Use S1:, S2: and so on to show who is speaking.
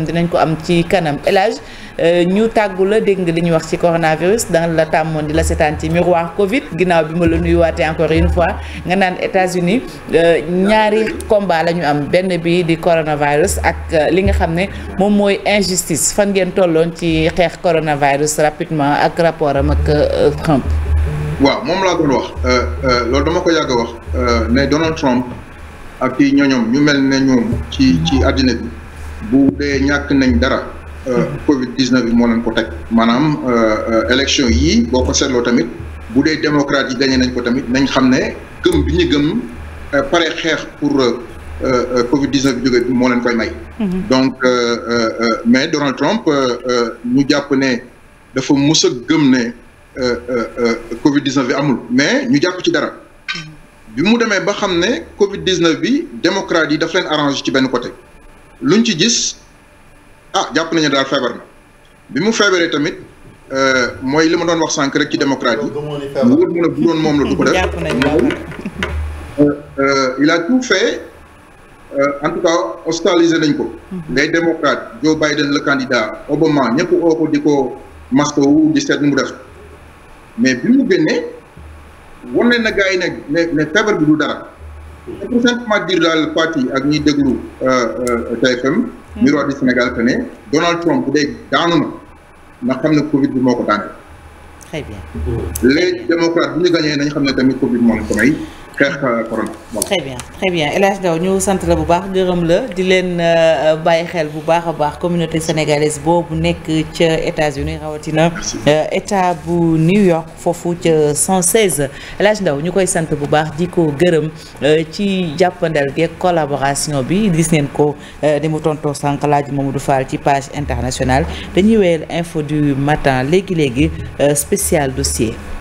S1: tam dinañ ko am ci kanam El Hadj euh, ñu tàggu la dégg nga li ñu wax ci coronavirus danga la tàmmoon di la setaan ci miroir Covid ginnaaw bi ma la nuyuwaatee encore une fois nga naan États-Unis euh, ñaari combat la am benn bi di coronavirus ak euh, li nga xam ne moom mooy injustice fan ngeen tolloon ci xeex coronavirus rapidement ak rapport am ak Trump.
S2: waaw moom laa doon wax loolu dama ko yàgg wax ne Donald Trump ak i ñoñoom ñu mel ne ñoom ci ci àddina bi. bu dee ñàkk nañ dara. Euh, hmm. Covid 19 bi moo leen ko teg maanaam euh, euh, élection yi boo ko seetloo tamit bu dee démocrate yi gagné nañ ko tamit nañ xam ne gëm bi ñu gëm pare xeex pour Covid 19 bi jógee bi moo leen koy may. Hmm. donc mais Donald Trump ñu jàpp ne dafa mus gëm ne Covid 19 bi amul mais ñu jàpp ci dara. Hmm. bi mu demee ba xam ne Covid 19 bi démocrate yi daf leen arrange ci benn côté. lu luñ ci gis ah jàpp nañu daal feebar na bi mu feebaree tamit euh, mooy li ma doon wax sànq rek ci démocrate yi wóor mën a bu doon moom la du ko def euh, euh, il a tout fait en tout cas hospitalisé nañ ko mhm. les démocrates Joe Biden le candidat Obama ñëpp oo ko di ko mastowu di seet nu mu def mais bi mu génnee wane na gars yi ne ne feebar bi du dara tout simplement dire daal parti ak ñiy déglu euh, euh, TFM. Mm. miroir du Sénégal que ne Donald Trump bu dee daanu na xam ne Covid bi moo ko daanee. très bien. les démocrates bu ñu gagné nañu xam ne tamit Covid moo leen ko may. xeex euh,
S1: bien très bien El Hadj Ndao ñu sant la bu baax gërëm la di leen euh, bàyyi xel bu baax a baax communauté sénégalaise boobu nekk ca États-Unis rawatina. Euh, état bu New York foofu ca 116. El Hadj Ndao ñu koy sant bu baax di ko gërëm ci jàppandal geeg collaboration bi gis neen ko ni mu tontoo sànq laaj Mamadou Fall ci page internationale dañuy wéyal info du matin léegi léegi spécial dossier.